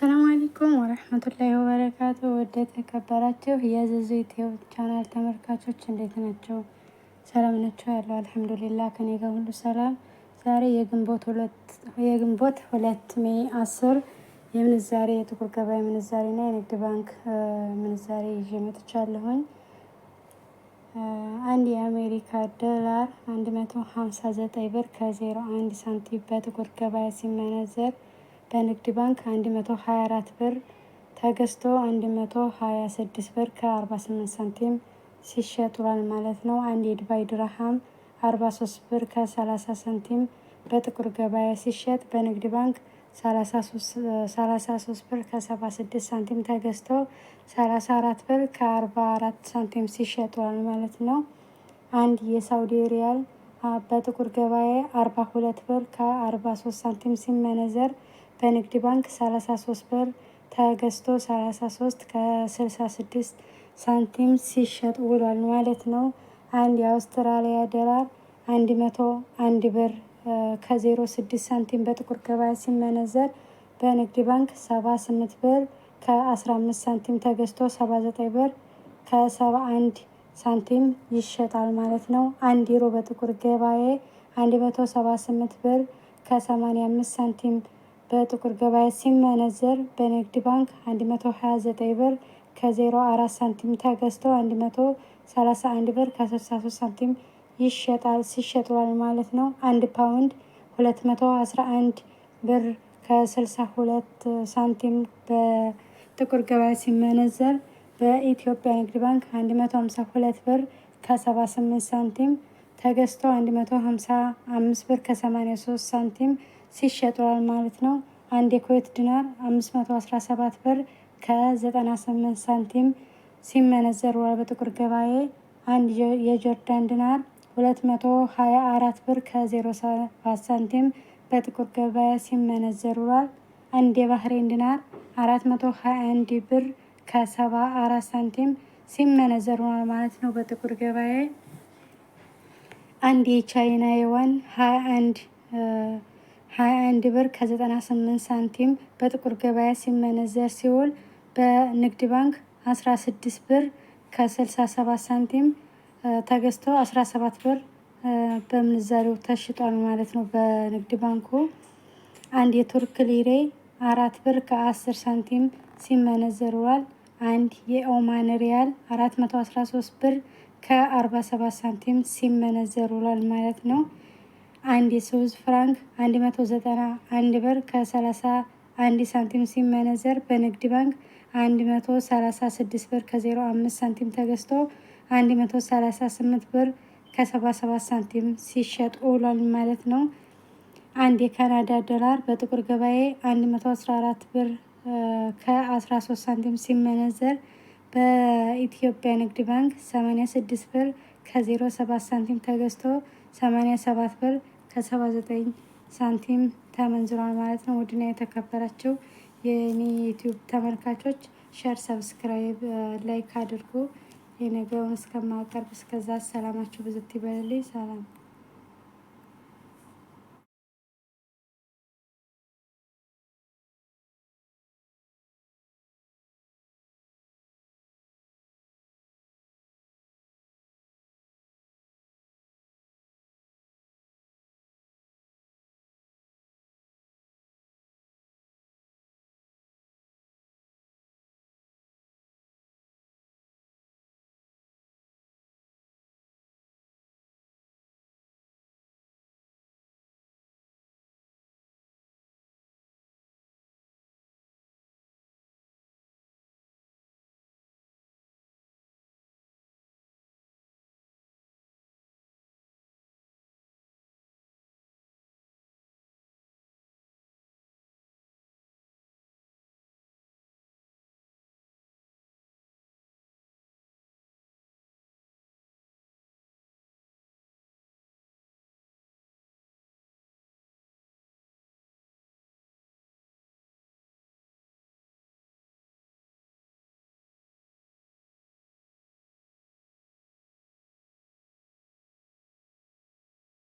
አሰላሙ አለይኩም ወረህመቱላሂ ወበረካቱ። ወደ ተከበራችሁ የዘዙ ዩቲዩብ ቻናል ተመልካቾች እንዴት ናቸው? ሰላም ናቸው ያለው አልሐምዱሊላህ፣ ከኔ ጋር ሁሉ ሰላም። ዛሬ የግንቦት ሁለት ሜይ አስር የምንዛሬ የጥቁር ገበያ ምንዛሬና የንግድ ባንክ ምንዛሬ ይዤ መጥቻለሁኝ። አንድ የአሜሪካ ዶላር 159 ብር ከ01 ሳንቲም በጥቁር ገበያ ሲመነዘር በንግድ ባንክ 124 ብር ተገዝቶ 126 ብር ከ48 ሳንቲም ሲሸጥ ውሏል ማለት ነው። አንድ የድባይ ድርሃም 43 ብር ከ30 ሳንቲም በጥቁር ገበያ ሲሸጥ በንግድ ባንክ 33 ብር ከ76 ሳንቲም ተገዝቶ 34 ብር ከ44 ሳንቲም ሲሸጥ ውሏል ማለት ነው። አንድ የሳውዲ ሪያል በጥቁር ገበያ 42 ብር ከ43 ሳንቲም ሲመነዘር በንግድ ባንክ 33 ብር ተገዝቶ 33 ከ66 ሳንቲም ሲሸጥ ውሏል ማለት ነው። አንድ የአውስትራሊያ ዶላር 101 ብር ከ06 ሳንቲም በጥቁር ገበያ ሲመነዘር በንግድ ባንክ 78 ብር ከ15 ሳንቲም ተገዝቶ 79 ብር ከ71 ሳንቲም ይሸጣል ማለት ነው። አንድ ዩሮ በጥቁር ገበያ 178 ብር ከ85 ሳንቲም በጥቁር ገበያ ሲመነዘር በንግድ ባንክ 129 ብር ከ04 ሳንቲም ተገዝቶ 131 ብር ከ63 ሳንቲም ይሸጣል ሲሸጥሏል ማለት ነው። አንድ ፓውንድ 211 ብር ከ62 ሳንቲም በጥቁር ገበያ ሲመነዘር በኢትዮጵያ ንግድ ባንክ 152 ብር ከ78 ሳንቲም ተገዝቶ 155 ብር ከ83 ሳንቲም ሲሸጠዋል ማለት ነው። አንድ የኩዌት ዲናር 517 ብር ከ98 ሳንቲም ሲመነዘር በጥቁር ገበያ አንድ የጆርዳን ዲናር 224 ብር ከ07 ሳንቲም በጥቁር ገበያ ሲመነዘር ውሏል። አንድ የባህሬን ዲናር 421 ብር ከ74 ሳንቲም ሲመነዘር ማለት ነው። በጥቁር ገበያ አንድ የቻይና የዋን 21 አንድ ብር ከ98 ሳንቲም በጥቁር ገበያ ሲመነዘር ሲውል በንግድ ባንክ 16 ብር ከ67 ሳንቲም ተገዝቶ 17 ብር በምንዛሬው ተሽጧል ማለት ነው። በንግድ ባንኩ አንድ የቱርክ ሊሬ አራት ብር ከ10 ሳንቲም ሲመነዘር አንድ የኦማን ሪያል 413 ብር ከ47 ሳንቲም ሲመነዘሩላል ማለት ነው። አንድ የስዊዝ ፍራንክ 191 ብር ከ31 ሳንቲም ሲመነዘር በንግድ ባንክ 136 ብር ከ05 ሳንቲም ተገዝቶ 138 ብር ከ77 ሳንቲም ሲሸጥ ውሏል ማለት ነው። አንድ የካናዳ ዶላር በጥቁር ገበያ 114 ብር ከ13 ሳንቲም ሲመነዘር በኢትዮጵያ ንግድ ባንክ 86 ብር ከ07 ሳንቲም ተገዝቶ 87 ብር ከሰባ ዘጠኝ ሳንቲም ተመንዝሯል ማለት ነው። ውድና የተከበራቸው የኔ ዩቲዩብ ተመልካቾች ሸር፣ ሰብስክራይብ፣ ላይክ አድርጉ። የነገውን እስከማቀርብ እስከዛ ሰላማችሁ ብዙት ይበልልኝ። ሰላም